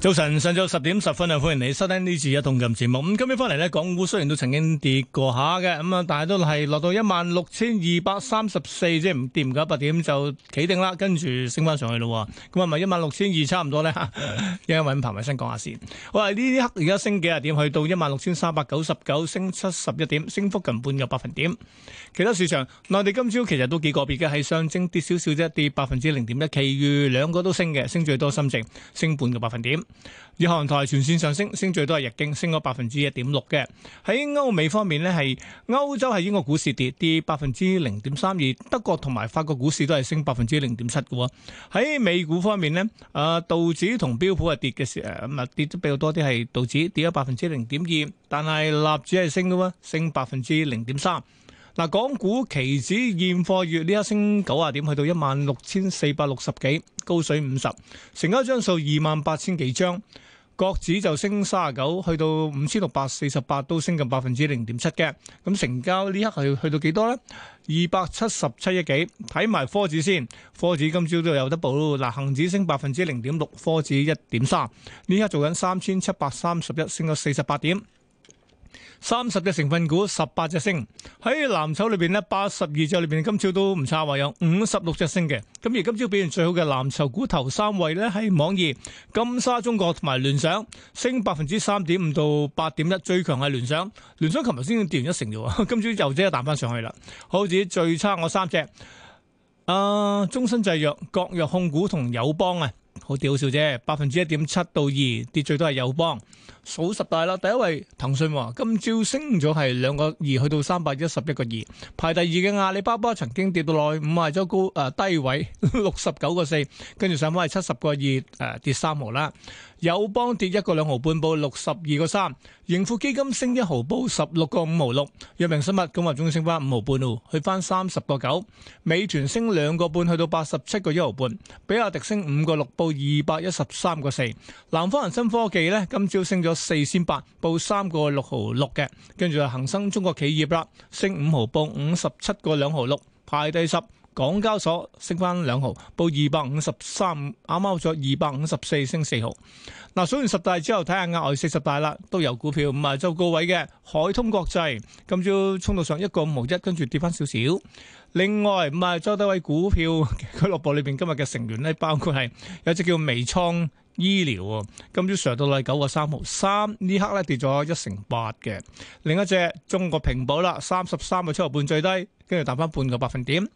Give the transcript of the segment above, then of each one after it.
早晨，上晝十點十分啊！歡迎你收聽呢次一桶金節目。咁今日翻嚟，咧，港股雖然都曾經跌過下嘅，咁啊，但係都係落到一萬六千二百三十四，即係唔跌唔夠九百點就企定啦。跟住升翻上去咯。咁係咪一萬六千二差唔多咧？一陣揾彭偉生講下先。我話呢一刻而家升幾啊點，去到一萬六千三百九十九，升七十一點，升幅近半個百分點。其他市場，內地今朝其實都幾個別嘅，係上證跌少少啫，跌百分之零點一。其餘兩個都升嘅，升最多深證升半個百分點。日韓台全線上升，升最多係日經，升咗百分之一點六嘅。喺歐美方面呢係歐洲係英國股市跌，跌百分之零點三二。德國同埋法國股市都係升百分之零點七嘅。喎，喺美股方面呢啊道指同標普係跌嘅時，咁啊跌得比較多啲係道指跌咗百分之零點二，但係納指係升嘅，升百分之零點三。嗱，港股期指現貨月呢一升九啊點，去到一萬六千四百六十幾。高水五十，成交張數二萬八千幾張，國指就升三十九，去到五千六百四十八，都升近百分之零點七嘅。咁成交呢刻係去到幾多呢？二百七十七億幾。睇埋科指先，科指今朝都有得補。嗱，恒指升百分之零點六，科指一點三。呢刻做緊三千七百三十一，升到四十八點。三十隻成分股，十八隻升。喺藍籌裏邊呢，八十二隻裏邊，今朝都唔差，話有五十六隻升嘅。咁而今朝表現最好嘅藍籌股頭三位呢，係網易、金沙中國同埋聯想，升百分之三點五到八點一，最強係聯想。聯想琴日先跌完一成咋，今朝又即刻彈翻上去啦。好，似最差我三隻，啊、呃，中身製藥、國藥控股同友邦啊。好屌笑啫，百分之一點七到二跌，最多係友邦數十大啦。第一位騰訊今朝升咗係兩個二，去到三百一十一個二。排第二嘅阿里巴巴曾經跌到內五萬咗高誒、呃、低位六十九個四，4，跟住上翻係七十個二誒跌三毫啦。友邦跌一個兩毫半，報六十二個三。盈富基金升一毫報十六個五毫六。藥明生物咁話，終於升翻五毫半去翻三十個九。美團升兩個半，去到八十七個一毫半。比亞迪升五個六報。報二百一十三個四，南方恒生科技呢今朝升咗四仙八，報三個六毫六嘅，跟住就恒生中國企業啦，升五毫，報五十七個兩毫六，排第十。港交所升翻兩毫，報二百五十三，啱啱好二百五十四升四毫。嗱，數完十大之後，睇下額外四十大啦，都有股票，唔係就高位嘅海通國際，今朝衝到上一個五毫一，跟住跌翻少少。另外，唔係周德偉股票俱樂部裏面今日嘅成員咧，包括係有隻叫微創醫療今朝上到嚟九個三毫三，3, 刻呢刻咧跌咗一成八嘅。另一隻中國平保啦，三十三個七毫半最低。跟住打翻半個百分點。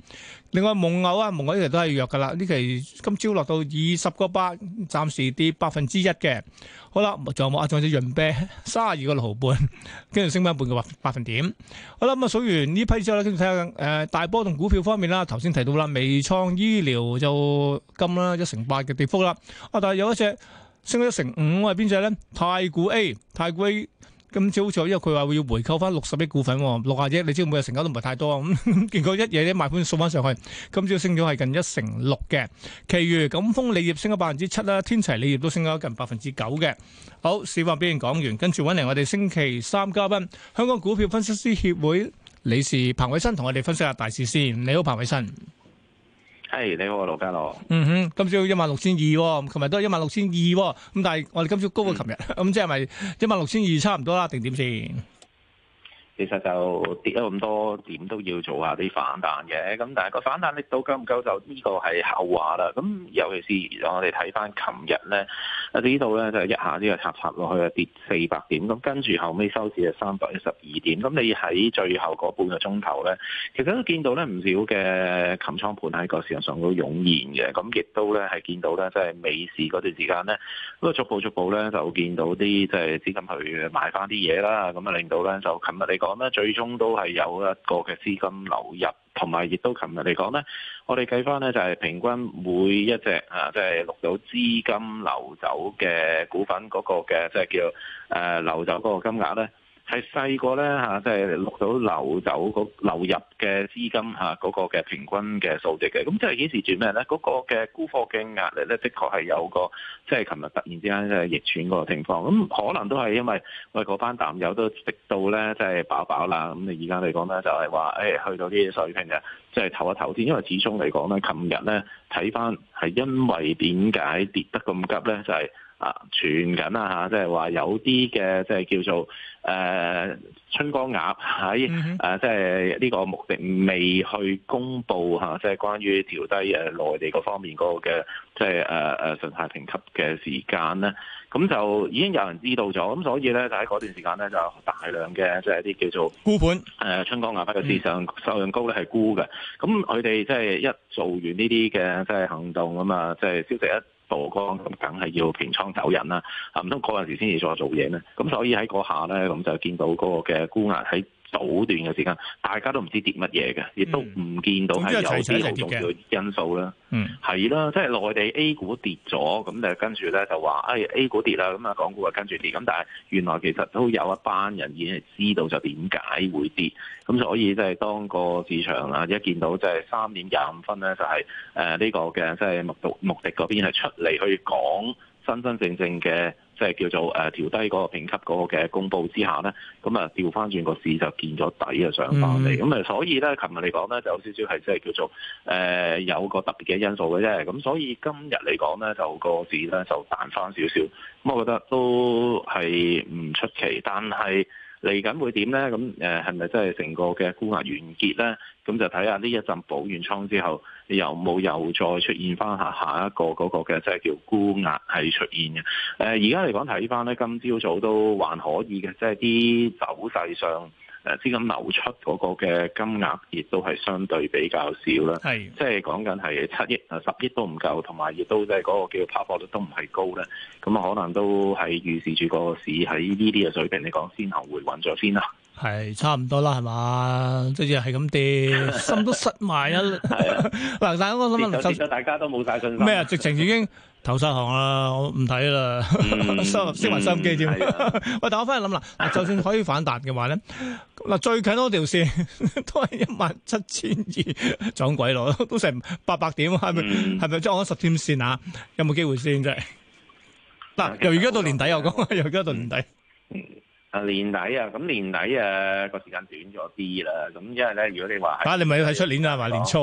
另外蒙牛啊，蒙牛呢期都係弱噶啦，呢期今朝落到二十個八，暫時跌百分之一嘅。好啦，仲有冇啊？仲有隻潤啤，三十二個六毫半，跟住升翻半個百分點。好啦，咁啊數完呢批之後咧，跟住睇下誒大波同股票方面啦。頭先提到啦，微創醫療就金啦一成八嘅跌幅啦。啊，但係有一隻升咗一成五係邊隻咧？太古 A，太古 A。今朝早，因為佢話會要回購翻六十億股份、哦，六啊億，你知唔知每日成交都唔係太多，咁、嗯、結果一嘢咧賣盤掃翻上去，今朝升咗係近一成六嘅。其餘贛鋒鋰業升咗百分之七啦，天齊鋰業都升咗近百分之九嘅。好，市況表現講完，跟住揾嚟我哋星期三嘉賓，香港股票分析師協會理事彭偉新，同我哋分析下大市先。你好，彭偉新。唉你好，羅家樂。嗯哼，今朝一萬六千二喎，琴日都係一萬六千二。咁但係我哋今朝高過琴日，咁、嗯、即係咪一萬六千二差唔多啦？定點先？其實就跌咗咁多點都要做下啲反彈嘅，咁但係個反彈力度夠唔夠就呢個係後話啦。咁尤其是我哋睇翻琴日咧，喺呢度咧就係、一下呢個插插落去啊跌四百點，咁跟住後尾收市啊三百一十二點。咁你喺最後嗰半個鐘頭咧，其實都見到咧唔少嘅擒倉盤喺個市場上都湧現嘅，咁亦都咧係見到咧即係尾市嗰段時間咧都逐步逐步咧就見到啲即係資金去買翻啲嘢啦，咁啊令到咧就琴日你講。咁咧，最終都係有一個嘅資金流入，同埋亦都琴日嚟講咧，我哋計翻咧就係平均每一隻啊，即係錄到資金流走嘅股份嗰個嘅，即係叫誒呃流走嗰個金額咧。係細個咧嚇，即係落到流走個流入嘅資金吓嗰個嘅平均嘅數值嘅。咁即係顯示住咩咧？嗰個嘅沽貨嘅壓力咧，的確係有個即係琴日突然之間即係逆轉嗰個情況。咁可能都係因為喂嗰班淡友都食到咧，即係飽飽啦。咁你而家嚟講咧，就係話誒去到啲水平嘅，即係投一投先。因為始終嚟講咧，琴日咧睇翻係因為點解跌得咁急咧？就係。啊，傳緊啦嚇，即係話有啲嘅，即係叫做誒、呃、春江鴨喺誒，即係呢個目的未去公布嚇，即、啊、係、就是、關於調低誒內地嗰方面嗰、那個嘅，即係誒誒信貸評級嘅時間咧。咁就已經有人知道咗，咁所以咧就喺嗰段時間咧就有大量嘅，即係一啲叫做沽本誒、啊、春江鴨，不過事實上收量高咧係沽嘅。咁佢哋即係一做完呢啲嘅即係行動啊嘛，即、就、係、是、消息一曝光咁梗係要平倉走人啦，唔通嗰陣時先至再做嘢咩？咁所以喺嗰下咧，咁就見到嗰個嘅沽壓喺。早段嘅時間，大家都唔知道跌乜嘢嘅，亦都唔見到係有啲好重要因素啦、嗯。嗯，係啦，即係內地 A 股跌咗，咁就跟住咧就話，哎 A 股跌啦，咁啊港股啊跟住跌。咁但係原來其實都有一班人已經係知道就點解會跌，咁所以即係當個市場啊一見到即係三點廿五分咧，就係誒呢個嘅即係目的目的嗰邊係出嚟去講真真正正嘅。即係叫做誒調低嗰個評級嗰個嘅公佈之下咧，咁啊調翻轉個市就見咗底啊上翻嚟，咁啊所以咧，琴日嚟講咧就有少少係即係叫做誒、呃、有個特別嘅因素嘅啫，咁所以今日嚟講咧就個市咧就彈翻少少，咁我覺得都係唔出奇，但係。嚟緊會點呢？咁誒係咪真係成個嘅沽壓完結呢？咁就睇下呢一陣補完倉之後，又有冇又再出現翻下下一個嗰個嘅即係叫沽壓係出現嘅？誒而家嚟講睇翻呢，今朝早都還可以嘅，即係啲走勢上。誒資金流出嗰個嘅金額亦都係相對比較少啦，的即係講緊係七億啊十億都唔夠，同埋亦都即係嗰個叫拋售率都唔係高咧，咁啊可能都係預示住個市喺呢啲嘅水平嚟講，先行回穩咗先啦。係差唔多啦，係嘛？即係係咁跌，心都塞埋啦。嗱，但係大家都冇晒信心，咩啊？直情已經。 投失行啦，我唔睇啦，收收埋收音機添。喂，但我翻嚟諗啦，就算可以反彈嘅話咧，嗱最近嗰條線都係一萬七千二，撞鬼耐咯，都成八百點，係咪？係咪再按十天線啊？有冇機會先啫？嗱，由而家到年底又講，由而家到年底。啊年底啊，咁年底啊個時間短咗啲啦。咁因為咧，如果你話啊你咪要睇出年啊嘛，年初。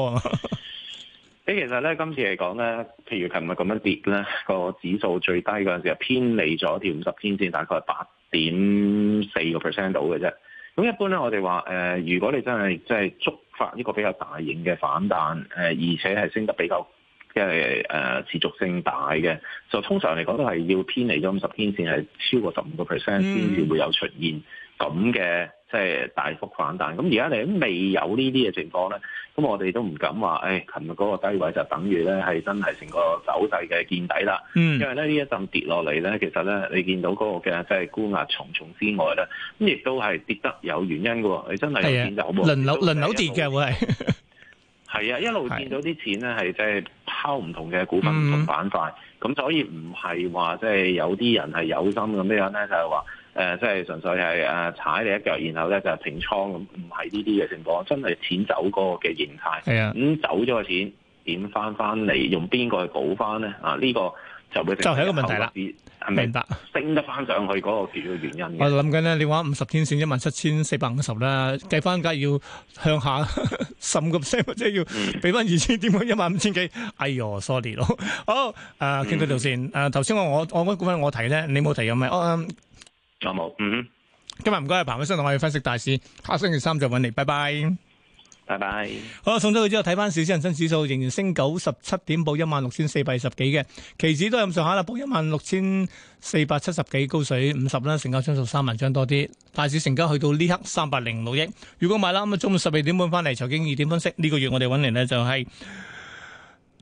其實咧，今次嚟講咧，譬如琴日咁樣跌咧，個指數最低嗰陣時，係偏離咗條五十天線大概係八點四個 percent 到嘅啫。咁一般咧，我哋話誒，如果你真係即係觸發呢個比較大型嘅反彈，誒而且係升得比較嘅誒持續性大嘅，就通常嚟講都係要偏離咗五十天線係超過十五個 percent 先至會有出現咁嘅。即係大幅反彈，咁而家你未有呢啲嘅情況咧，咁我哋都唔敢話，誒、哎，琴日嗰個低位就等於咧係真係成個走勢嘅見底啦。嗯、因為咧呢一陣跌落嚟咧，其實咧你見到嗰、那個嘅即係沽壓重重之外咧，咁亦都係跌得有原因㗎喎。你真係有錢走好。輪流輪流跌嘅會係。係啊，一路見到啲錢咧係即係拋唔同嘅股份唔、嗯嗯、同板塊，咁所以唔係話即係有啲人係有心咁樣咧，就係話。誒，即係純粹係踩你一腳，然後咧就平倉咁，唔係呢啲嘅情況，真係錢走嗰個嘅形態。係啊，咁、嗯、走咗嘅錢，點翻翻嚟？用邊個去補翻咧？啊，呢、呢個就會就係一個問題啦。係係明白，升得翻上去嗰個主要原因。我諗緊咧，你話五十天線一萬七千四百五十啦，計翻家要向下十個 percent，或 者要俾翻二千點，一萬五千幾？哎呦，sorry 咯。好、 啊，誒，傾、啊、到呢先。誒，頭先我我我嗰個股份我提咧，你冇提咁咩？Oh, um, 有冇？嗯，今日唔該，彭先生同我哋分析大市，下星期三再搵你，拜拜，拜拜。好，送咗佢之後，睇翻市。先恆生指數仍然升九十七點，報一萬六千四百二十幾嘅，期指都係咁上下啦，報一萬六千四百七十幾高水五十啦，成交張數三萬張多啲，大市成交去到呢刻三百零六億。如果買啦，咁啊中午十二點半翻嚟財經二點分析，呢、這個月我哋搵嚟呢就係、是。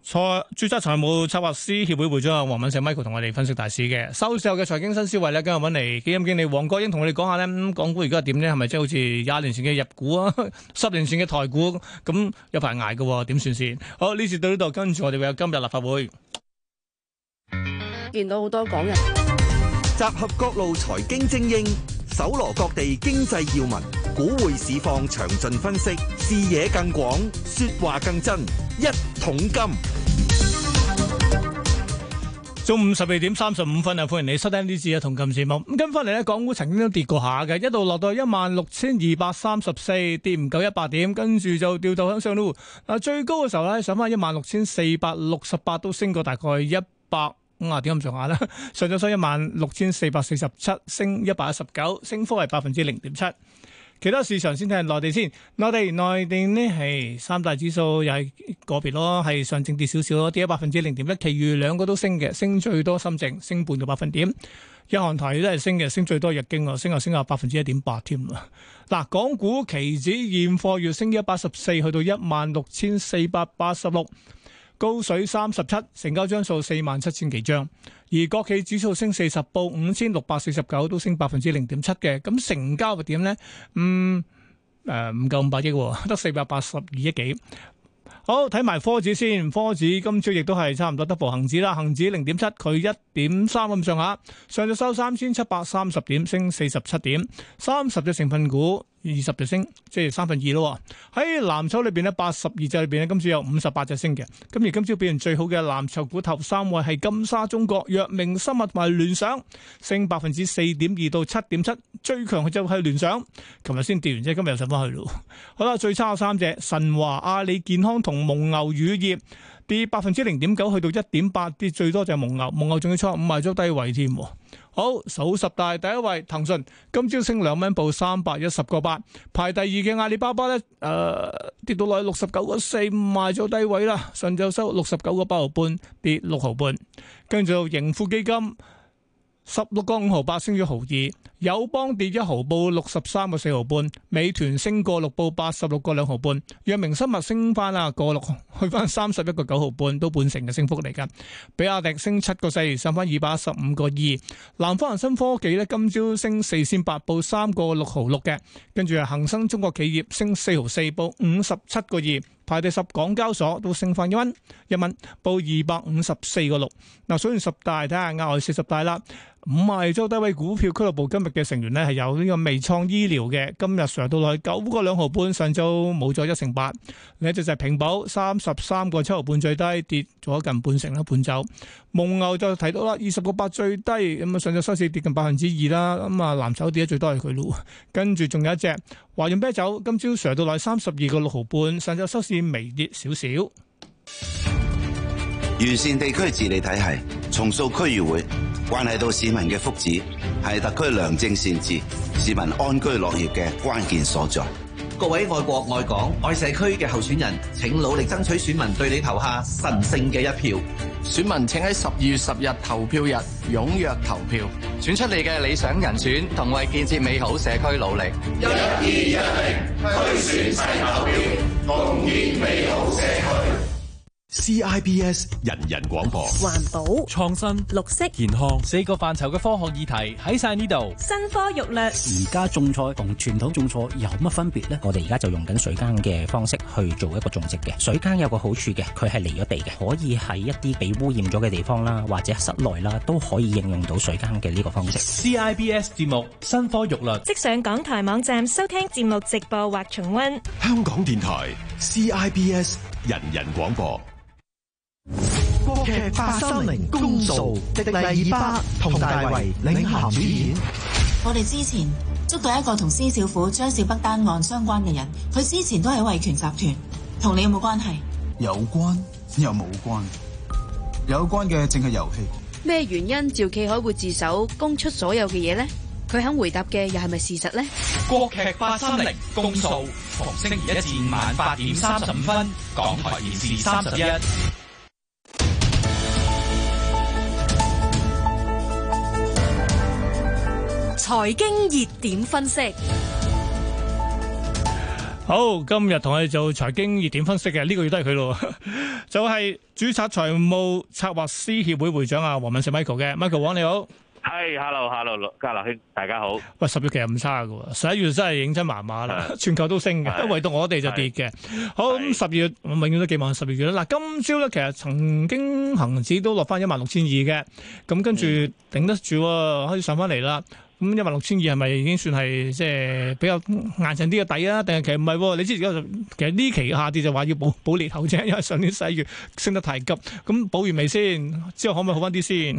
財註冊財務策劃師協會會長黃敏石 Michael 同我哋分析大市嘅。收市後嘅財經新思維咧，今日揾嚟基金經理黃國英同我哋講下咧，港股而家點咧？係咪即係好似廿年前嘅入股啊，十年前嘅台股咁，有排挨，嘅點算先？好，呢次到呢度，跟住我哋會有今日立法會，見到好多港人集合各路財經精英，搜羅各地經濟要聞，股匯市況詳盡分析，視野更廣，說話更真，一桶金。中午十二點三十五分啊，歡迎你收聽呢節啊同琴節目，咁跟翻嚟呢，港股曾經都跌過一下嘅，一度落到一萬六千二百三十四，跌唔夠一百點，跟住就掉到向上咯。最高嘅時候呢，上翻一萬六千四百六十八，都升過大概一百五啊點咁上下啦，上咗收一萬六千四百四十七，升一百一十九，升幅為百分之零點七。其他市場先睇下內地先，內地內地咧係三大指數又係個別咯，係上證跌少少咯，跌咗百分之零點一，其餘兩個都升嘅，升最多深證，升半個百分點，日韓台都係升嘅，升最多日經啊，升，又升到啊升啊百分之一點八添嗱，港股期指現貨月升一百八十四去到一萬六千四百八十六。高水三十七，成交張數四萬七千幾張，而國企指數升四十，報五千六百四十九，都升百分之零點七嘅，咁成交嘅點呢？嗯，誒、呃，唔夠五百億，得四百八十二億幾。好睇埋科指先，科指今朝亦都係差唔多 double 恆指啦，恒指零點七，佢一點三咁上下，上咗收三千七百三十點，升四十七點，三十隻成分股二十隻升，即係三分二咯。喺藍籌裏邊呢，八十二隻裏邊呢，今朝有五十八隻升嘅，今日今朝表現最好嘅藍籌股頭三位係金沙中國、藥明生物同埋聯想，升百分之四點二到七點七，最強嘅就係聯想，琴日先跌完啫，今日又上翻去咯。好啦，最差嘅三隻神華、阿里健康同蒙牛乳業跌百分之零點九，去到一點八，跌最多就係蒙牛，蒙牛仲要初五賣咗低位添。好，數十大第一位騰訊，今朝升兩蚊，報三百一十個八，排第二嘅阿里巴巴咧，誒、呃、跌到落去，六十九個四，賣咗低位啦。上晝收六十九個八毫半，跌六毫半。跟住就盈富基金。十六個五毫八升咗毫二，友邦跌一毫報六十三個四毫半，美團升過六報八十六個兩毫半，藥明生物升翻啊，過六去翻三十一個九毫半，都半成嘅升幅嚟㗎，比亞迪升七個四，上翻二百一十五個二，南方恒生科技咧今朝升四線八報三個六毫六嘅，跟住恒生中國企業升四毫四報五十七個二，排第十港交所都升翻一蚊一蚊，報二百五十四個六。嗱，數完十大睇下額外四十大啦。五啊！周低位股票俱樂部今日嘅成員呢，係有呢個微創醫療嘅。今日上到來九個兩毫半，上晝冇咗一成八。另一隻就係平保，三十三個七毫半最低，跌咗近半成啦，半走。蒙牛就睇到啦，二十個八最低，咁啊上晝收市跌近百分之二啦。咁啊藍籌跌得最多係佢咯。跟住仲有一隻華潤啤酒，今朝上到來三十二個六毫半，上晝收市微跌少少。完善地區治理體系，重塑區議會，關係到市民嘅福祉，係特區良政善治、市民安居樂業嘅關鍵所在。各位愛國愛港愛社區嘅候選人，請努力爭取選民對你投下神聖嘅一票。選民請喺十二月十日投票日踴躍投票，選出你嘅理想人選，同為建設美好社區努力。一、二、一零區選齊投票，共建美好社區。CIBS 人人廣播，環保創新綠色健康四個範疇嘅科學議題喺晒呢度。新科玉律，而家種菜同傳統種菜有乜分別呢？我哋而家就用緊水耕嘅方式去做一個種植嘅。水耕有個好處嘅，佢係離咗地嘅，可以喺一啲被污染咗嘅地方啦，或者室內啦，都可以應用到水耕嘅呢個方式。CIBS 節目新科玉律，即上港台網站收聽節目直播或重溫。香港電台 CIBS 人人廣播。國劇八三零公訴，迪麗熱巴佟大為領銜主演。我哋之前捉到一個同施少虎、張小北單案相關嘅人，佢之前都係維權集團，同你有冇關係？有關又冇關，有關嘅淨係遊戲。咩原因趙啟海會自首，供出所有嘅嘢呢？佢肯回答嘅又係咪事實呢？國劇八三零公訴，逢星期一至五晚八點三十五分，港台電視三十一。財經熱點分析好，今日同我哋做財經熱點分析嘅呢、這個月都係佢咯，就係註冊財務策劃師協會會長阿黃敏石 Michael 嘅 Michael 黃你好，係，hello，hello，家樂兄，大家好。喂，十月其實唔差噶，十一月真係認真麻麻啦，的全球都升嘅，的唯獨我哋就跌嘅。好咁，十的、嗯、月永遠都寄望，十、嗯、二月啦。嗱，今朝咧其實曾經恒指都落翻一萬六千二嘅，咁、嗯、跟住頂得住、啊，可以上翻嚟啦。咁一萬六千二係咪已經算係即係比較硬淨啲嘅底啊？定係其實唔係？你知而家就其實呢期嘅下跌就話要補補裂頭啫，因為上年十一月升得太急，咁補完未先？之後可唔可以好翻啲先？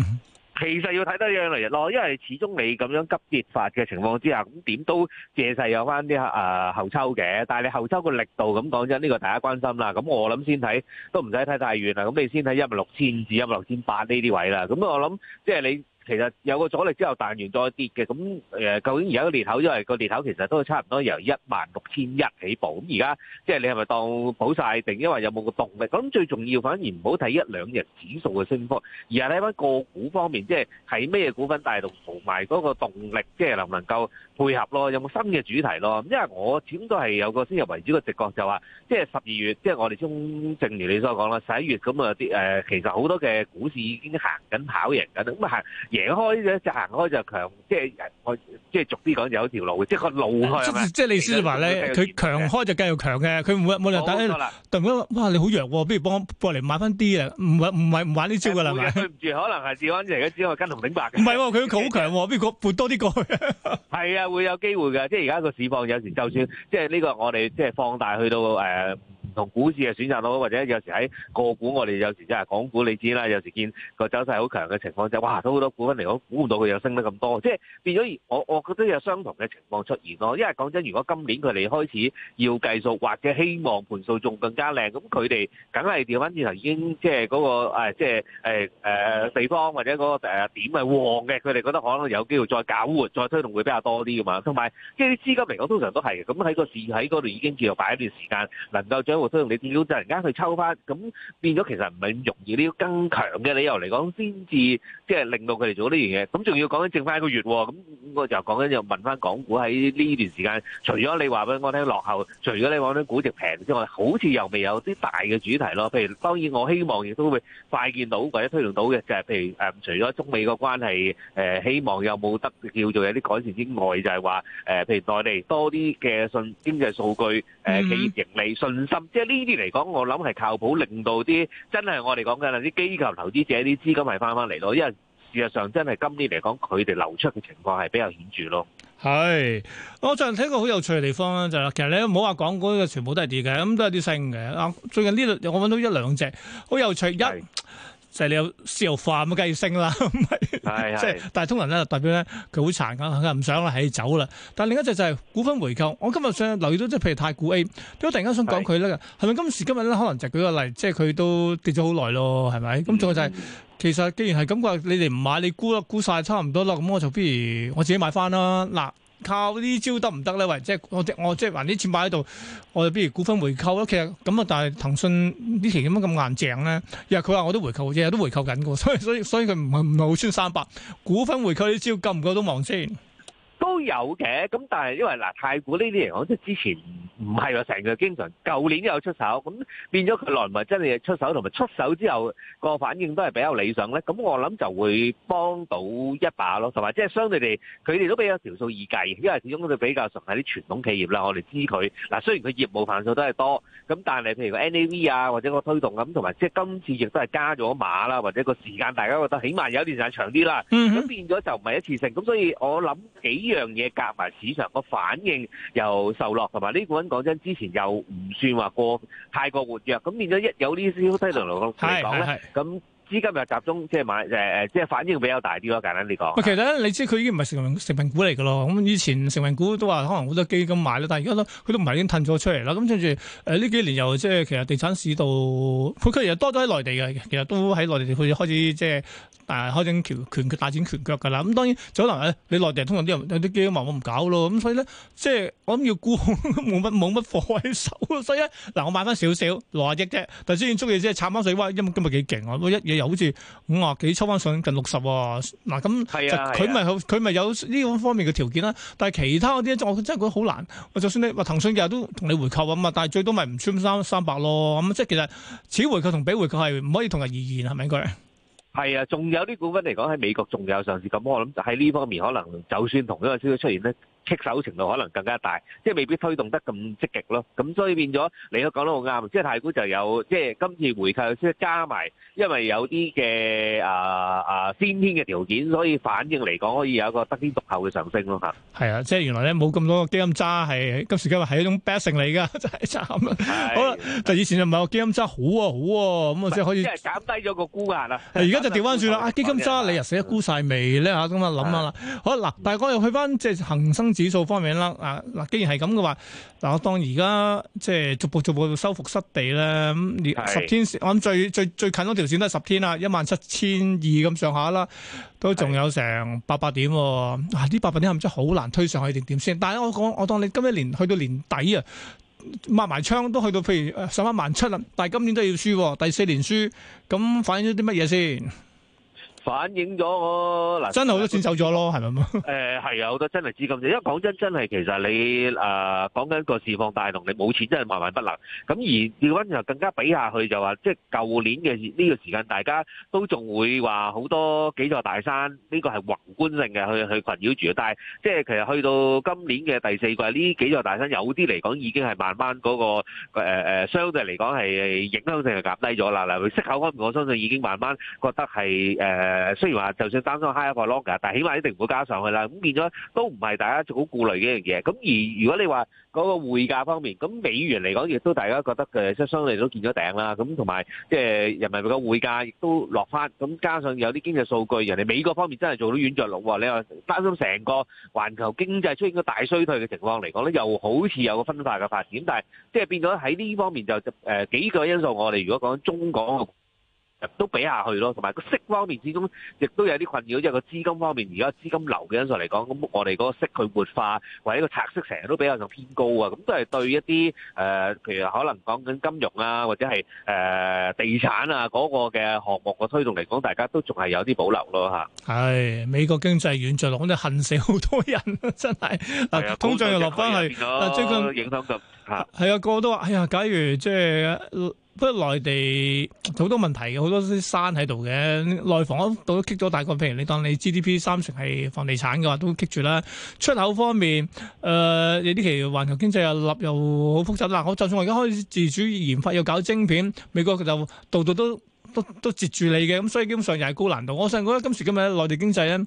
其實要睇多樣嚟嘅咯，因為始終你咁樣急跌法嘅情況之下，咁點都借勢有翻啲啊後抽嘅。但係你後抽個力度咁講真，呢個大家關心啦。咁我諗先睇都唔使睇太遠啦。咁你先睇一萬六千二至一萬六千八呢啲位啦。咁我諗即係你。其實有個阻力之後彈完再跌嘅，咁誒究竟而家個年頭，因為個年頭其實都差唔多由一萬六千一起步，咁而家即係你係咪當補晒定，因為有冇個動力？咁最重要反而唔好睇一兩日指數嘅升幅，而係睇翻個股方面，即係喺咩股份帶動，同埋嗰個動力，即係能唔能夠配合咯？有冇新嘅主題咯？因為我始終都係有個先入為主嘅直覺，就話即係十二月，即係我哋中正如你所講啦，十一月咁啊啲其實好多嘅股市已經行緊跑贏緊，咁啊行。行開就行開就強，即係我即係逐啲講有條路，即係路去。即係你先話咧，佢強開就繼續強嘅，佢冇唔哇！你好弱喎，不如幫我過嚟買翻啲啊！唔係唔係唔玩呢招噶啦。對唔住，可能係照翻嚟嘅招去跟紅頂白嘅。唔係喎，佢好強喎，不如撥多啲過去。係啊，會有機會嘅。即係而家個市況有時就算，即係呢個我哋即係放大去到誒同股市嘅選擇咯，或者有時喺個股我哋有時真係港股，你知啦。有時見個走勢好強嘅情況就哇，都好多股。嚟講，估唔到佢又升得咁多，即係變咗。我我覺得有相同嘅情況出現咯。因為講真，如果今年佢哋開始要計數，或者希望盤數仲更加靚，咁佢哋梗係調翻轉頭，已經即係嗰個誒，即係誒誒地方或者嗰個誒、呃、點係旺嘅。佢哋覺得可能有機會再搞活，再推動會比較多啲嘅嘛。同埋即係啲資金嚟講，通常都係咁喺個市喺嗰度已經叫做擺一段時間，能夠進一步推動你。你點解突然間去抽翻？咁變咗其實唔係咁容易。你要更強嘅理由嚟講，先至即係令到佢哋。做呢樣嘢，咁仲要講緊剩翻一個月，咁咁我就講緊又問翻港股喺呢段時間，除咗你話俾我聽落後，除咗你講緊估值平之外，好似又未有啲大嘅主題咯。譬如當然，我希望亦都會快見到或者推動到嘅就係譬如誒，除咗中美個關係誒，希望有冇得叫做有啲改善之外，就係話誒，譬如內地多啲嘅信經濟數據、誒企業盈利信心，即係呢啲嚟講，我諗係靠譜，令到啲真係我哋講緊啦啲機構投資者啲資金係翻翻嚟咯，因為。事實上，真係今年嚟講，佢哋流出嘅情況係比較顯著咯。係，我最近睇過好有趣嘅地方啦，就係、是、其實你都唔好話港股嘅全部都係跌嘅，咁都係啲升嘅。啊，最近呢度我揾到一兩隻好有趣一。就係你有私有化咁梗要升啦，即係但係通常咧，代表咧佢好殘噶，佢唔想啦，係走啦。但另一隻就係、是、股份回購，我今日想留意到即係譬如太古 A 都突然間想講佢咧，係咪是 今時今日咧可能就舉個例，即係佢都跌咗好耐咯，係咪？咁仲有就係、是嗯、其實既然係感覺你哋唔買，你沽啦沽晒，差唔多啦，咁我就不如我自己買翻啦。嗱。靠招行行呢招得唔得咧？喂，即係我即係還啲錢擺喺度，我哋、就是、不如股份回購咯。其實咁啊，但係騰訊麼麼呢期點解咁硬淨咧？又佢話我都回購，啫，都回購緊嘅，所以所以所以佢唔係唔係好穿三百，股份回購呢招夠唔夠都望先。都有嘅，咁但係因為嗱太古呢啲嚟講，即係之前唔係話成日經常，舊年都有出手，咁變咗佢來唔係真係出手，同埋出手之後個反應都係比較理想咧。咁我諗就會幫到一把咯，同埋即係相對地，佢哋都比較條數易計，因為始終佢比較純係啲傳統企業啦。我哋知佢嗱，雖然佢業務範疇都係多，咁但係譬如個 NAV 啊或者個推動咁，同埋即係今次亦都係加咗碼啦，或者個時間大家覺得起碼有一段時間長啲啦。咁變咗就唔係一次性，咁所以我諗幾。呢樣嘢夾埋市場個反應又受落，同埋呢個人講真，之前又唔算話過太過活躍，咁變咗一有呢啲消息嚟講咧，咁資金又集中即係買誒誒，即、呃、係反應比較大啲咯。簡單啲講，其實你知佢已經唔係成份成份股嚟噶咯。咁以前成份股都話可能好多基金買啦，但係而家都佢都唔係已經褪咗出嚟啦。咁跟住誒呢幾年又即係其實地產市道，佢其實也多咗喺內地嘅，其實都喺內地佢開始即係。但係、啊、展橋拳腳，大展拳腳嘅啦。咁當然，就可能咧，你內地通訊啲人有啲機咁啊，我唔搞咯。咁所以咧，即係我諗要沽冇乜冇乜貨喺手啊。所以咧，嗱，我買翻少少六啊億啫，但係先至中嘅啫，插翻水位，因今日幾勁啊！一嘢又好似五啊幾抽翻上近六十喎。嗱、啊、咁，佢咪佢咪有呢個方面嘅條件啦、啊。但係其他嗰啲，我真係覺得好難。我就算你話騰訊日日都同你回購啊嘛，但係最多咪唔穿三三百咯。咁、嗯、即係其實此回購同彼回購係唔可以同日而言，係咪應該？係啊，仲有啲股份嚟講喺美國仲有上市咁，我諗喺呢方面可能就算同一個消息出現咧。棘手程度可能更加大，即係未必推動得咁積極咯。咁所以變咗，你都講得好啱。即係太古就有，即係今次回購，即係加埋，因為有啲嘅啊啊先天嘅條件，所以反應嚟講可以有一個得天獨厚嘅上升咯嚇。係啊，即係原來咧冇咁多基金渣係今時今日係一種 blessing 嚟㗎，真係慘啦。好啦，就以前就唔係話基金渣好啊好喎，咁啊即係可以即係減低咗個沽壓啦。而家就調翻轉啦，啊基金渣你又死得沽曬味咧嚇，咁啊諗下啦。好嗱，大哥又去翻即係恆生。指數方面啦，啊嗱，既然係咁嘅話，嗱我當而家即係逐步逐步收復失地咧，咁十天線，是我諗最最最近嗰條線都係十天啦，一萬七千二咁上下啦，都仲有成八百點，啊呢八百點係咪真係好難推上去定點先。但係我講我當你今年年去到年底啊，抹埋窗都去到譬如上一萬七啦，但係今年都要輸，第四年輸，咁反映咗啲乜嘢先？反映咗我嗱，真係好多錢走咗咯，係咪啊？誒係啊，好多、呃、真係資金，因為講真，真係其實你誒講緊個釋放大同你冇錢真係萬萬不能。咁而調温就更加比下去，就話即係舊年嘅呢個時間，大家都仲會話好多幾座大山，呢、呢個係宏觀性嘅去去困擾住。但係即係其實去到今年嘅第四季，呢幾座大山有啲嚟講已經係慢慢嗰、嗰個誒相對嚟講係影響性係減低咗啦。嗱、呃，佢息口方面，我相信已經慢慢覺得係誒。呃誒雖然話，就算擔心 h i g h l o c k e r 但係起碼一定唔會加上去啦。咁變咗都唔係大家好顧慮嘅一樣嘢。咁而如果你話嗰個匯價方面，咁美元嚟講亦都大家覺得嘅，即係相對都見咗頂啦。咁同埋即係人民幣嘅匯價亦都落翻。咁加上有啲經濟數據，人哋美國方面真係做到軟着陸。你話擔心成個環球經濟出現個大衰退嘅情況嚟講咧，又好似有個分化嘅發展。但係即係變咗喺呢方面就誒、呃、幾個因素，我哋如果講中港。都比下去咯，同埋個息方面始終亦都有啲困擾，即係個資金方面而家資金流嘅因素嚟講，咁我哋嗰個息佢活化或者個拆息成日都比較上偏高啊，咁都係對一啲誒、呃，譬如可能講緊金融啊，或者係誒、呃、地產啊嗰、那個嘅項目嘅推動嚟講，大家都仲係有啲保留咯吓，係、哎、美國經濟軟著陸，我哋恨死好多人，真係嗱，啊、 通脹又落翻去，嗱、啊、最近影響咁嚇。係啊，啊，個個都話：哎呀，假如即係。不過，內地好多問題嘅，好多啲山喺度嘅內房度都棘咗，大概，譬如你當你 GDP 三成係房地產嘅話，都棘住啦。出口方面，誒你啲期環球經濟又立又好複雜啦。我就算我而家開始自主研發，又搞晶片，美國就度度都都都截住你嘅。咁所以基本上又係高難度。我想覺得今時今日內地經濟咧，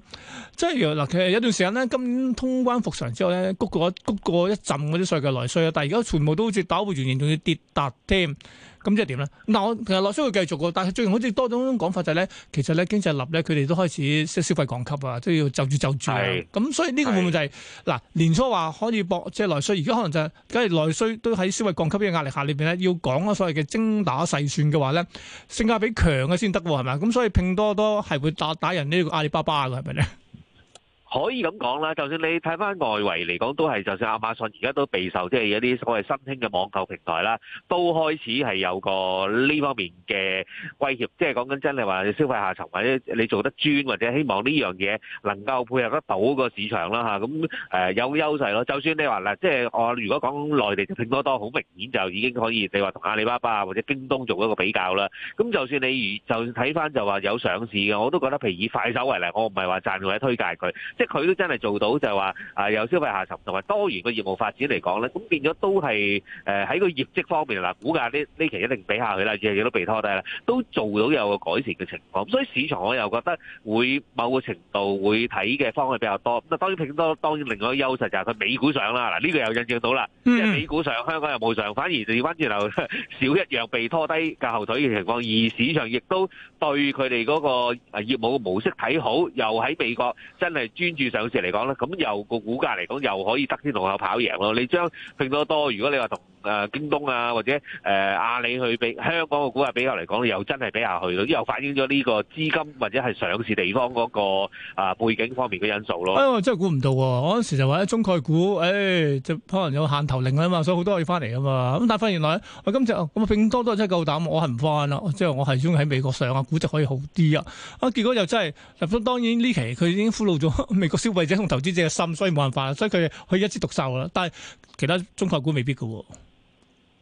即係若嗱，其實有段時間咧，今通關復常之後咧，谷過谷過一陣嗰啲世嘅來衰啦，但係而家全部都好似打回原形，仲要跌突添。咁即係點咧？嗱，我其實內需會繼續喎，但係最近好似多種講法就係、是、咧，其實咧經濟立咧，佢哋都開始即係消費降級啊，都要就住就住。咁是所以呢個會唔會就係、是、嗱是年初話可以搏即係內需，而家可能就係，梗係內需都喺消費降級嘅壓力下裏邊咧，要講咯所謂嘅精打細算嘅話咧，性價比強嘅先得喎，係咪？咁所以拼多多係會打打人呢個阿里巴巴嘅係咪咧？可以咁講啦，就算你睇翻外圍嚟講，都係就算亞馬遜而家都備受，即係有啲所謂新興嘅網購平台啦，都開始係有個呢方面嘅威脅。即係講緊真係話消費下沉，或者你做得專，或者希望呢樣嘢能夠配合得到個市場啦吓，咁誒有優勢咯。就算你話嗱，即係我如果講內地就拼多多，好明顯就已經可以你話同阿里巴巴或者京東做一個比較啦。咁就算你如就睇翻就話有上市嘅，我都覺得譬如以快手為例，我唔係話贊或者推介佢。即係佢都真係做到，就話啊有消費下沉同埋多元嘅業務發展嚟講咧，咁變咗都係誒喺個業績方面嗱，估價呢呢期一定比下佢啦，亦都幾被拖低啦，都做到有個改善嘅情況。所以市場我又覺得會某個程度會睇嘅方向比較多。咁當然拼多多當然另外一個優勢就係佢美股上啦。嗱、這、呢個又印證到啦，即係、mm hmm. 美股上香港又冇上，反而就調翻轉頭少一樣被拖低嘅後腿嘅情況。而市場亦都對佢哋嗰個業務模式睇好，又喺美國真係跟住上市嚟講，咧，咁又個股價嚟講，又可以得天同學跑贏咯。你將拼多多，如果你話同。誒京東啊，或者誒阿、啊、里去比香港嘅股價比較嚟講，又真係比下去咯，又反映咗呢個資金或者係上市地方嗰、那個啊背景方面嘅因素咯。哎真係估唔到喎！我嗰、啊、時就話中概股，誒、哎、就可能有限投令啊嘛，所以好多可以翻嚟啊嘛。咁但係翻原來，我今次咁啊，拼多多真係夠膽，我係唔翻啦。即、啊、係、啊啊、我係中意喺美國上啊，估值可以好啲啊。啊，結果又真係入當然呢期佢已經俘虜咗美國消費者同投資者嘅心，所以冇辦法。所以佢可以一枝獨秀啦。但係其他中概股未必嘅喎、啊。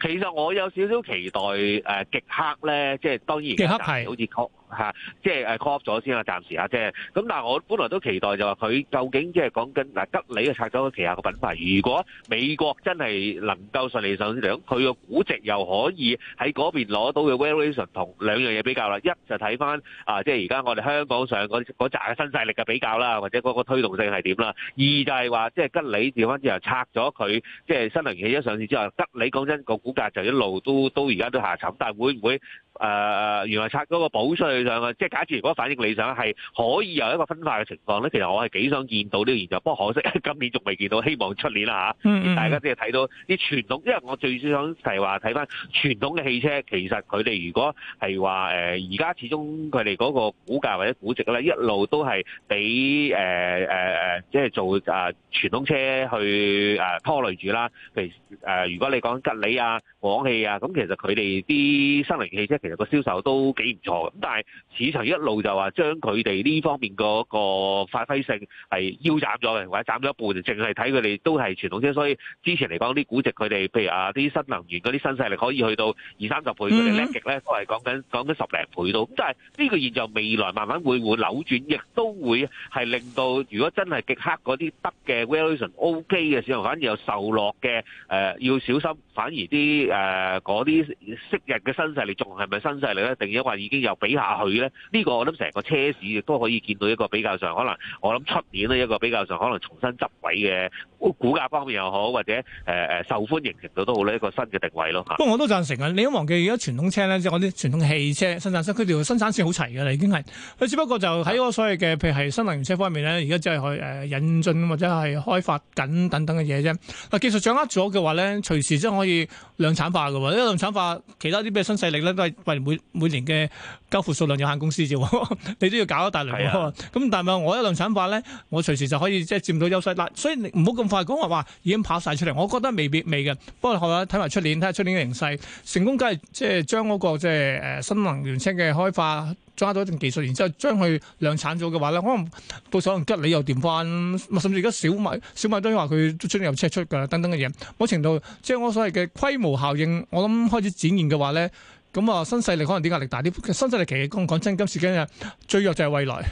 其實我有少少期待，誒、呃、極黑咧，即係當然極黑係好似嚇，即係誒 call 咗先啊，暫時啊，即係咁。但係我本來都期待就話佢究竟即係講緊嗱，吉利啊拆咗個旗下個品牌。如果美國真係能夠順利上市，佢個估值又可以喺嗰邊攞到嘅 valuation 同兩樣嘢比較啦。一就睇翻啊，即係而家我哋香港上嗰嗰扎新勢力嘅比較啦，或者嗰個推動性係點啦。二就係話，即係吉利調翻之後拆咗佢，即係新能源汽車上市之後，吉利講真個股價就一路都都而家都下沉。但係會唔會誒誒，原來拆咗個保稅？即係假設如果反映理想係可以有一個分化嘅情況咧，其實我係幾想見到呢個現象，不過可惜今年仲未見到，希望出年啦嚇、啊。大家即係睇到啲傳統，因為我最想提話睇翻傳統嘅汽車，其實佢哋如果係話誒而家始終佢哋嗰個股價或者估值咧，一路都係俾誒誒誒，即、呃、係、呃就是、做啊、呃、傳統車去啊、呃、拖累住啦。譬如誒、呃，如果你講吉利啊、廣汽啊，咁其實佢哋啲新能源汽車其實個銷售都幾唔錯咁，但係市場一路就話將佢哋呢方面嗰個發揮性係腰斬咗嘅，或者斬咗一半，淨係睇佢哋都係傳統車。所以之前嚟講啲估值，佢哋譬如啊啲新能源嗰啲新勢力可以去到二三十倍，佢哋叻極咧都係講緊講緊十零倍到。咁但係呢個現象未來慢慢會唔會扭轉，亦都會係令到如果真係極黑嗰啲得嘅 valuation ok 嘅時候，反而有受落嘅誒、呃、要小心。反而啲誒嗰啲昔日嘅新勢力仲係咪新勢力咧？定因為已經有比下？佢咧呢個我諗成個車市亦都可以見到一個比較上可能，我諗出年咧，一個比較上可能重新執位，嘅股價方面又好，或者誒誒受歡迎程度都好，呢一個新嘅定位咯嚇。不過我都贊成啊！你都忘記而家傳統車咧，即係我啲傳統汽車生產商，佢條生產線好齊㗎啦，已經係佢，只不過就喺嗰個所謂嘅譬如係新能源車方面咧，而家只係去誒引進或者係開發緊等等嘅嘢啫。嗱，技術掌握咗嘅話咧，隨時真可以量產化㗎喎！因為量產化，其他啲咩新勢力咧都係為每每年嘅交付數。有限公司啫， 你都要搞一大輪咁的但係我一量產化咧，我隨時就可以即係佔到優勢。嗱，所以你唔好咁快講話話已經跑晒出嚟。我覺得未必未嘅。不過後屘睇埋出年，睇下出年嘅形勢，成功梗係即係將嗰、那個即係誒新能源車嘅開發抓到一定技術，然之後將佢量產咗嘅話咧，可能到時可能吉利又掂翻，甚至而家小米、小米都話佢出年有車出噶，等等嘅嘢，某程度即係我所謂嘅規模效應，我諗開始展現嘅話咧。咁啊，新勢力可能啲壓力大啲？新勢力其實講講真，今時今日最弱就係未來，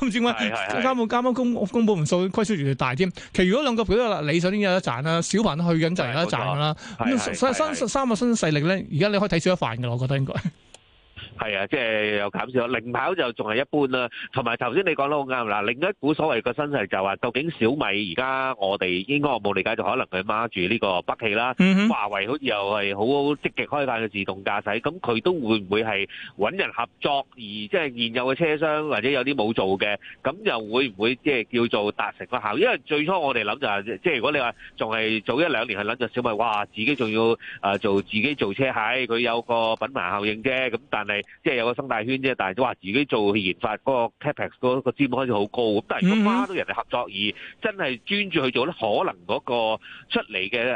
唔知點解監管監公公布唔數，虧損越嚟越大添。其實如果兩個表得啦，理想都有得賺啦，小鵬都去緊就有一賺噶啦。咁所以新三個新勢力咧，而家你可以睇少一份噶啦，我覺得應該。係啊，即係又減少。零跑就仲係一般啦。同埋頭先你講得好啱啦。另一股所謂嘅新勢就話，究竟小米而家我哋應該我冇理解，就可能佢孖住呢個北汽啦。嗯哼。華為好似又係好好積極開發嘅自動駕駛，咁佢都會唔會係揾人合作，而即係現有嘅車廠或者有啲冇做嘅，咁又會唔會即係叫做達成個 effect？因為最初我哋諗就係即係如果你話仲係早一兩年係諗著小米，哇，自己仲要啊做自己做車係，佢有個品牌效應啫。咁但係。即係有個生態圈啫，但係都話自己做去研發嗰個 capex 嗰個資本開始好高，咁但係如果媽媽都人哋合作而真係專注去做咧，可能嗰個出嚟嘅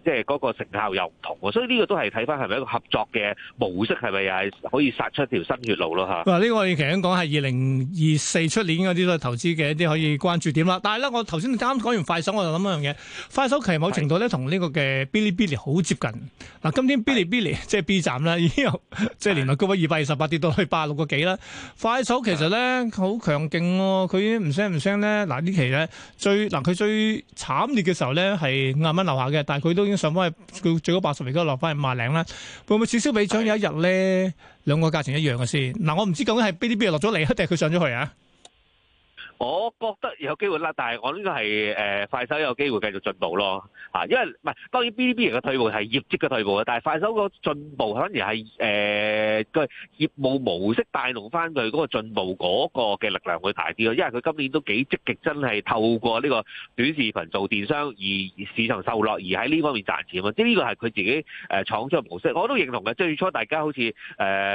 誒即係嗰個成效又唔同喎，所以呢個都係睇翻係咪一個合作嘅模式，係咪又可以殺出一條新血路咯？嚇、啊！嗱、啊，呢、這個我其實想講係二零二四出年嗰啲都係投資嘅一啲可以關注點啦。但係咧，我頭先啱講完快手，我就諗一樣嘢，快手其實某程度咧同呢是個嘅 Bilibili 好接近。嗱、啊，今天 Bilibili 即係 B 站啦，已經有即年來高位二百二十八跌到去八六個幾啦！快手其實咧好強勁喎、啊，佢唔聲唔聲咧，嗱呢期咧最嗱佢最慘烈嘅時候咧係五萬蚊留下嘅，但係佢都已經上翻去佢最高八十，而家落翻去五萬零啦。會唔會悄消尾漲有一日咧是的 兩個價錢一樣嘅先？嗱，我唔知究竟係邊啲邊落咗嚟，一定係佢上咗去啊？我覺得有機會啦，但係我諗呢個係誒快手有機會繼續進步咯嚇，因為唔係當然 Bilibili 嘅退步係業績嘅退步啦，但係快手個進步反而係誒個業務模式帶動翻佢嗰個進步嗰個嘅力量會大啲咯，因為佢今年都幾積極，真係透過呢個短視頻做電商而市場受落而喺呢方面賺錢嘛，即係呢個係佢自己誒創、呃、出模式，我都認同嘅。最初大家好似誒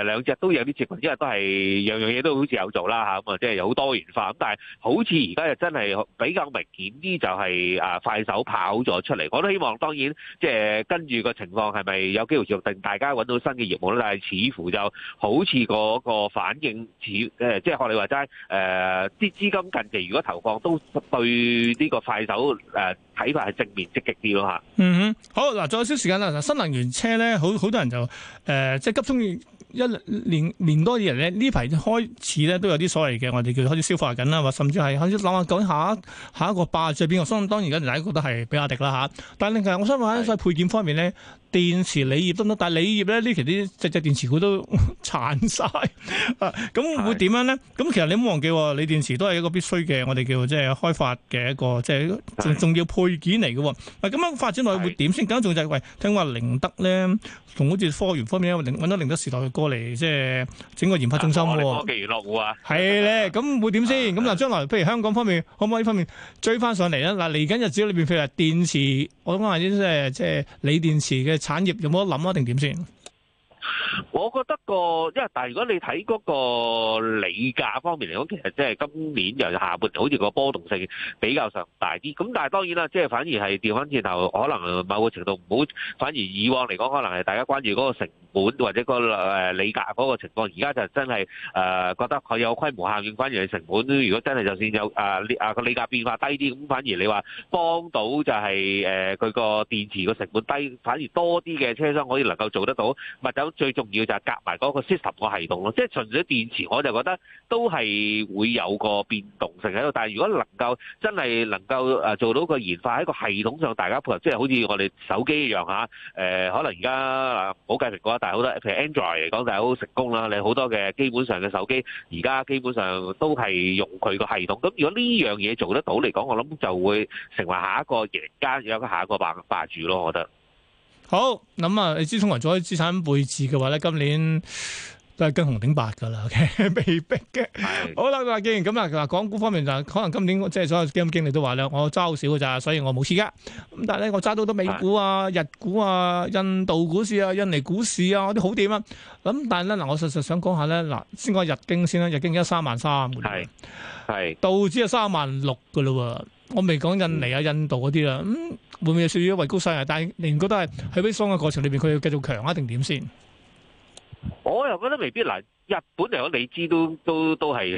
兩隻都有啲接羣，因為都係樣樣嘢都好似有做啦嚇，咁啊、嗯、即係有好多元化咁、嗯，但係。好似而家又真係比較明顯啲，就係啊快手跑咗出嚟。我都希望，當然即係跟住個情況係咪有機會再定大家揾到新嘅業務咧？但係似乎就好似嗰個反應，似誒即係學你話齋誒啲資金近期如果投放都對呢個快手誒睇法係正面積極啲咯嚇。嗯哼，好嗱，仲有少時間啦。新能源車咧，好好多人就誒、呃、即係急中。一年年多嘅人咧，呢排開始咧都有啲所謂嘅，我哋叫開始消化緊啦，或甚至係開始諗下究竟下下一個霸主係邊個？當當然而家大家都覺得係比亞迪啦嚇。但係另外，我想問喺在配件方面咧。電池鋰業得唔得，但係鋰業咧呢期啲隻隻電池股都殘晒，咁、 啊、會點樣咧？咁是其實你唔好忘記，鋰電池都係一個必須嘅，我哋叫即係開發嘅一個即係重重要配件嚟嘅。嗱咁是樣發展落去會點先？咁樣仲就係、是、喂，聽話寧德咧，同好似科研方面咧，搵到寧德時代過嚟即係整個研發中心嘅、啊。啊、我科技落戶啊？係 咧，咁會點先？咁嗱， 將來譬如香港方面，可唔可以方面追翻上嚟咧？嗱、啊，嚟緊日子裏邊譬如話電池，我諗下啲即係即係鋰電池嘅。產業有冇得諗？啊？定點先？我覺得個，因為但如果你睇嗰個理價方面嚟講，其實即係今年又下半，好似個波動性比較上大啲。咁但係當然啦，即係反而係調翻轉頭，可能某個程度唔好，反而以往嚟講，可能係大家關注嗰個成本或者個誒理價嗰個情況。而家就真係誒、呃、覺得佢有規模效應，關於成本。如果真係就算有誒誒個理價、啊、變化低啲，咁反而你話幫到就係誒佢個電池個成本低，反而多啲嘅車廠可以能夠做得到。咪走最重要。就係夾埋嗰個 system 個系統咯，即係純粹電池，我就覺得都係會有個變動性喺度。但係如果能夠真係能夠誒做到個研發喺個系統上，大家配合，即係好似我哋手機一樣嚇誒。可能而家唔好計蘋果啦，但係好多譬如 Android 嚟講，就係好成功啦。你好多嘅基本上嘅手機，而家基本上都係用佢個系統。咁如果呢樣嘢做得到嚟講，我諗就會成為下一個贏家，有一個下一個霸主咯。我覺得。好咁啊！你知通銀做啲資產配置嘅話咧，今年都係跟紅頂白噶啦，被逼嘅。的好啦，嗱，既然咁啊，嗱，港股方面就可能今年即係所有基金經理都話咧，我揸好少噶咋，所以我冇事噶。咁但係咧，我揸到啲美股啊、日股啊、印度股市啊、印尼股市啊，啲好點啊。咁但係咧，嗱，我實實想講下咧，嗱，先講日經先啦，日經一三萬三，係係，道指啊三萬六噶啦。我未講印尼啊、印度嗰啲啦，嗯會唔會有少少畏高曬啊？但係你唔覺得係喺悲喪嘅過程裏邊，佢要繼續強啊，定點先？我又覺得未必難。日本嚟講你知都都都係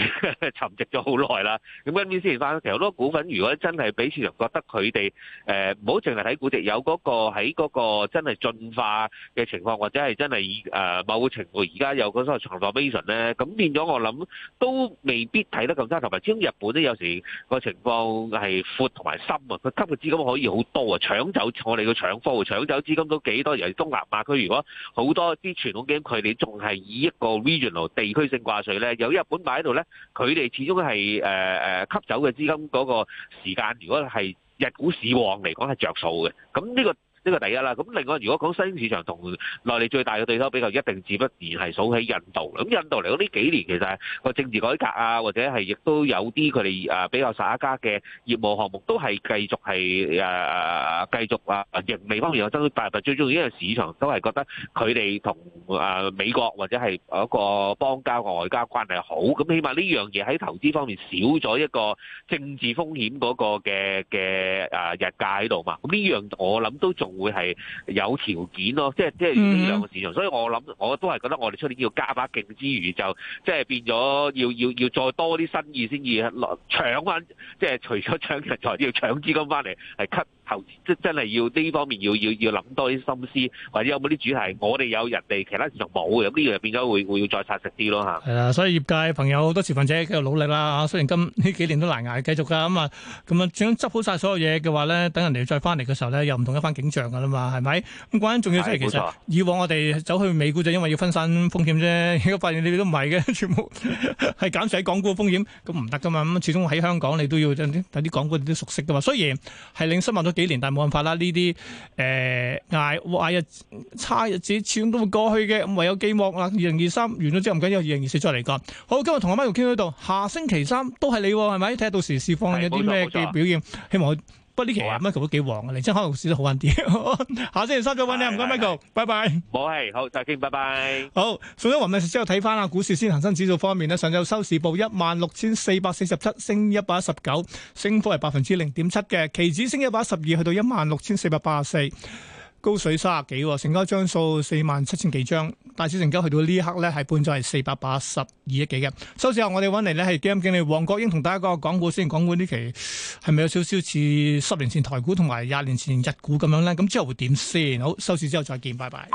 沉寂咗好耐啦。咁今住先翻，其實好多股份如果真係俾市場覺得佢哋誒唔好淨係睇估值，有嗰、那個喺嗰個真係進化嘅情況，或者係真係誒、呃、某個情況而家有嗰個長度 vision 咧，咁變咗我諗都未必睇得咁差。同埋，始終日本咧有時個情況係闊同埋深啊，佢今嘅資金可以好多啊，搶走我哋嘅搶貨，搶走資金都幾多。尤其東南亞區，佢如果好多啲傳統基金，佢哋仲係以一個 regional 地區性掛稅咧，由於日本擺喺度咧，佢哋始終係誒誒吸走嘅資金嗰個時間，如果係日股市旺嚟講係著數嘅，咁呢個。呢個第一啦，咁另外如果講新興市場同內地最大嘅對手比較，一定自不然係數喺印度啦。咁印度嚟講呢幾年其實個政治改革啊，或者係亦都有啲佢哋誒比較耍家嘅業務項目，都係繼續係誒繼續啊盈利方面有增。但係最重要因為市場都係覺得佢哋同誒美國或者係嗰個邦交嘅外交關係好，咁起碼呢樣嘢喺投資方面少咗一個政治風險嗰個嘅嘅誒日價喺度嘛。咁呢樣我諗都仲。會係有條件咯，即係即係呢兩個市場。所以我諗我都係覺得我哋出年要加把勁之餘，就即係變咗要要要再多啲新意先至搶翻，即係除咗搶人才，要搶資金翻嚟係吸。即真係要呢方面要要要諗多啲心思，或者有冇啲主題？我哋有，有，人哋其他市場冇嘅呢樣又變咗會會要再殺食啲咯嚇。係啊，所以業界朋友好多持份者繼續努力啦嚇。雖然今呢幾年都難捱，繼續㗎咁啊，咁、嗯、啊，想執好晒所有嘢嘅話咧，等人哋再翻嚟嘅時候咧，又唔同一番景象㗎啦嘛，係咪？咁關重要就係的其實、啊、以往我哋走去美股就因為要分散風險啫，而家發現你哋都唔係嘅，全部係 減曬港股風險，咁唔得㗎嘛。咁始終喺香港你都要真啲，港股你都熟悉㗎嘛。雖然係令新聞幾年，但係冇辦法啦。呢啲誒，挨、呃、壞日差日子，始終都會過去嘅。唯有寄望啦。二零二三完咗之後唔緊要，二零二四再嚟講。好，今日同阿媽又傾喺度，下星期三都係你係咪？睇下到時市況有啲咩嘅表現，希望。不過呢期阿說 Michael 都幾旺啊，你真係可能試得好玩啲。下星期收九你啦，唔該謝 Michael，拜拜。冇係 bye，好再見，拜拜。好，上咗雲密之後睇翻啊，看看股市先，恆生指數方面呢，上晝收市報一萬六千四百四十七，升一百一十九，升幅係百分之零點七嘅。期指升一百一十二，去到一萬六千四百八十四。高水三十幾，成交張數四萬七千幾張，大市成交去到呢一刻咧係半咗係四百八十二億幾嘅。收市後我哋搵嚟咧係基金經理黃國英同大家講股先，講股呢期係咪有少少似十年前台股同埋廿年前日股咁樣咧？咁之後會點先？好，收市之後再見，拜拜。